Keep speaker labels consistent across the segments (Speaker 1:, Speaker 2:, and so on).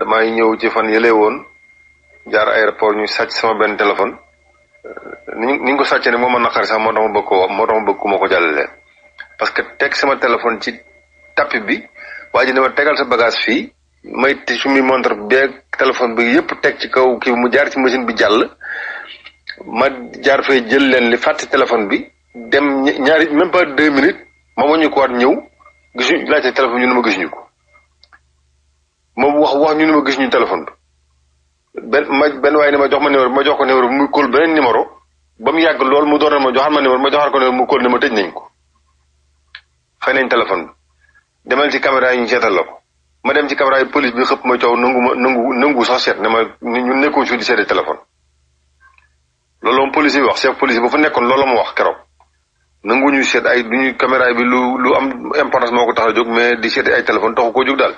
Speaker 1: damay ñëw ci fan yële woon jaar aéroport ñu sàcc sama benn téléphone ni ni ñu ko sàccee ne moo ma naqari sax moo tax ma bëgg koo moo tax bëgg ku ma ko jàllale parce que teg sama téléphone ci tapis bi waa ji ne ma tegal sa bagage fii may sumi montre beeg téléphone bi yëpp teg ci kaw kii mu jaar ci machine bi jàll ma jaar fee jël leen li fàtt téléphone bi dem ñaari même pas deux minutes ma wañu ko waat ñëw gisuñ laajte téléphone ñu ne ma gisuñu ko ma wax wax ñu ne ma gis ñu téléphone bi ben ma ben way ne ma jox ma numéro ma jox ko numéro mu kóol benen numéro ba mu yàgg lool mu door ma joxal ma numéro ma joxal ko numéro mu kóol ne ma tëj nañ ko feneñ téléphone bi demal ci caméra yi ñu seetal la ko ma dem ci caméra yi police bi xëpp ma coow nangu ma nangu nangu sax seet ne ma ñu nekkoon ci di téléphone loolu moom police yi wax chef police bu fa nekkoon loolu ma wax keroog nanguñu seet ay duñu caméra bi lu lu am importance moo ko tax a jóg mais di seet ay téléphone taxu koo jóg daal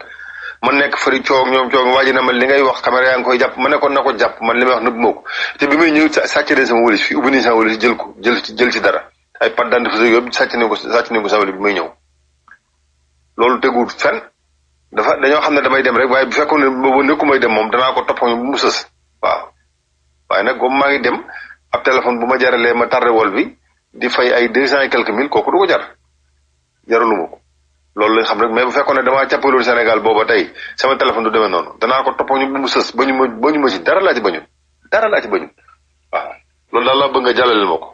Speaker 1: ma nekk fari coog ñoom coog waaji na ma li ngay wax caméra yaa ngi koy jàpp ma ne ko na ko jàpp man li may wax nëbb moo ko te bi muy ñëw sàcc nañ sama walis fi ko jël jël ci dara ay pat daan dafa yëpp sàcc nañ ko sàcc nañ ko sama walis bi may ñëw loolu teguut fenn dafa dañoo xam ne damay dem rek waaye bu fekkoon ne boobu nekku may dem moom danaa ko topp bu mu sës waaw waaye nag comme maa ngi dem ab téléphone bu ma jaralee ma tardé wol bi di fay ay deux cent et quelques mille kooku du ko jar jaraluma ko loolu lañ xam rek mais bu fekkoon ne damaa càppaloon Sénégal booba tey sama téléphone du demee noonu danaa ko toppoo ñu bu mu sës ba ñu ñu ma ci dara laa ci dara laa ci bañu loolu daal laa bëgg nga jàllale ma